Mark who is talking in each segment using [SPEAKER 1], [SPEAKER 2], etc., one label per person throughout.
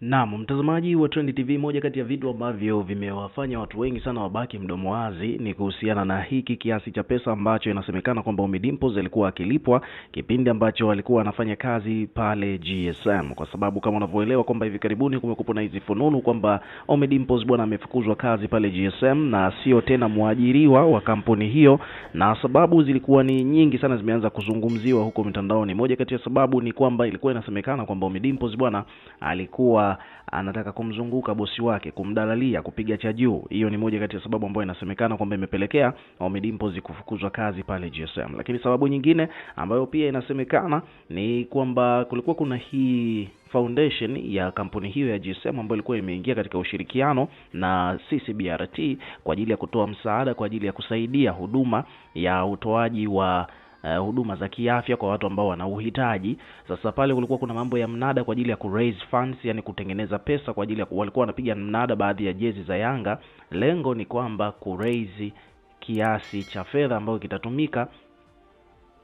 [SPEAKER 1] Naam, mtazamaji wa Trend TV, moja kati ya vitu ambavyo vimewafanya watu wengi sana wabaki mdomo wazi ni kuhusiana na hiki kiasi cha pesa ambacho inasemekana kwamba Ommy Dimpoz alikuwa akilipwa kipindi ambacho alikuwa anafanya kazi pale GSM, kwa sababu kama unavyoelewa kwamba hivi karibuni kumekuwa na hizi fununu kwamba Ommy Dimpoz bwana amefukuzwa kazi pale GSM na sio tena mwajiriwa wa kampuni hiyo, na sababu zilikuwa ni nyingi sana, zimeanza kuzungumziwa huko mitandaoni. Moja kati ya sababu ni kwamba ilikuwa inasemekana kwamba Ommy Dimpoz bwana alikuwa anataka kumzunguka bosi wake, kumdalalia, kupiga cha juu. Hiyo ni moja kati ya sababu ambayo inasemekana kwamba imepelekea Ommy Dimpoz kufukuzwa kazi pale GSM. Lakini sababu nyingine ambayo pia inasemekana ni kwamba kulikuwa kuna hii foundation ya kampuni hiyo ya GSM ambayo ilikuwa imeingia katika ushirikiano na CCBRT kwa ajili ya kutoa msaada kwa ajili ya kusaidia huduma ya utoaji wa Eh, huduma za kiafya kwa watu ambao wana uhitaji. Sasa pale kulikuwa kuna mambo ya mnada kwa ajili ya ku raise funds, yani kutengeneza pesa kwa ajili ya walikuwa wanapiga mnada baadhi ya jezi za Yanga, lengo ni kwamba ku raise kiasi cha fedha ambayo kitatumika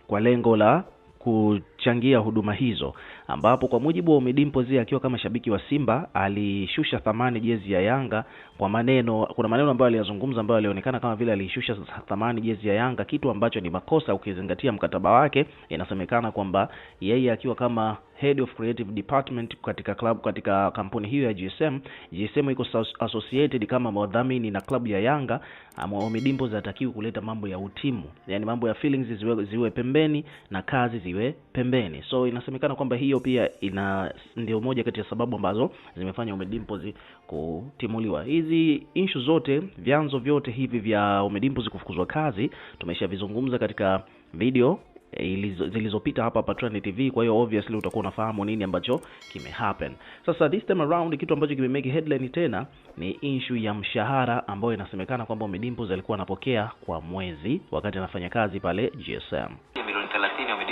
[SPEAKER 1] kwa lengo la kuchangia huduma hizo, ambapo kwa mujibu wa Umidimpozi akiwa kama shabiki wa Simba alishusha thamani jezi ya Yanga kwa maneno, kuna maneno ambayo aliyazungumza ambayo alionekana kama vile alishusha thamani jezi ya Yanga, kitu ambacho ni makosa ukizingatia mkataba wake. Inasemekana kwamba yeye akiwa kama head of creative department katika club, katika kampuni hiyo ya GSM. GSM iko associated kama mwadhamini na klabu ya Yanga. Omidimpo zatakiwa kuleta mambo ya utimu, yani mambo ya feelings ziwe, ziwe pembeni na kazi ziwe pembeni. So inasemekana kwamba hiyo pia ina ndio moja kati ya sababu ambazo zimefanya Omidimpo kutimuliwa. Hizi issue zote, vyanzo vyote hivi vya Omidimpo kufukuzwa kazi tumeshavizungumza katika video Eh, zilizopita hapa Patrani TV. Kwa hiyo obviously utakuwa unafahamu nini ambacho kimehappen. Sasa this time around kitu ambacho kimemake headline tena ni issue ya mshahara ambayo inasemekana kwamba Ommy alikuwa anapokea kwa mwezi wakati anafanya kazi pale GSM
[SPEAKER 2] milioni 30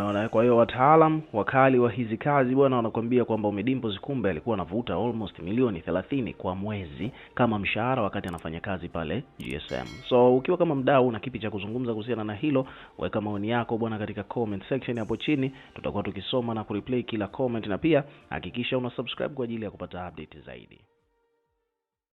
[SPEAKER 1] Unaona, kwa hiyo wataalam wakali wa hizi kazi bwana wanakuambia kwamba umedimbo kumbe alikuwa anavuta almost milioni 30 kwa mwezi kama mshahara wakati anafanya kazi pale GSM. So ukiwa kama mdau una kipi cha kuzungumza kuhusiana na hilo, weka maoni yako bwana katika comment section hapo chini, tutakuwa tukisoma na kureplay kila comment, na pia hakikisha una subscribe kwa ajili ya kupata update zaidi.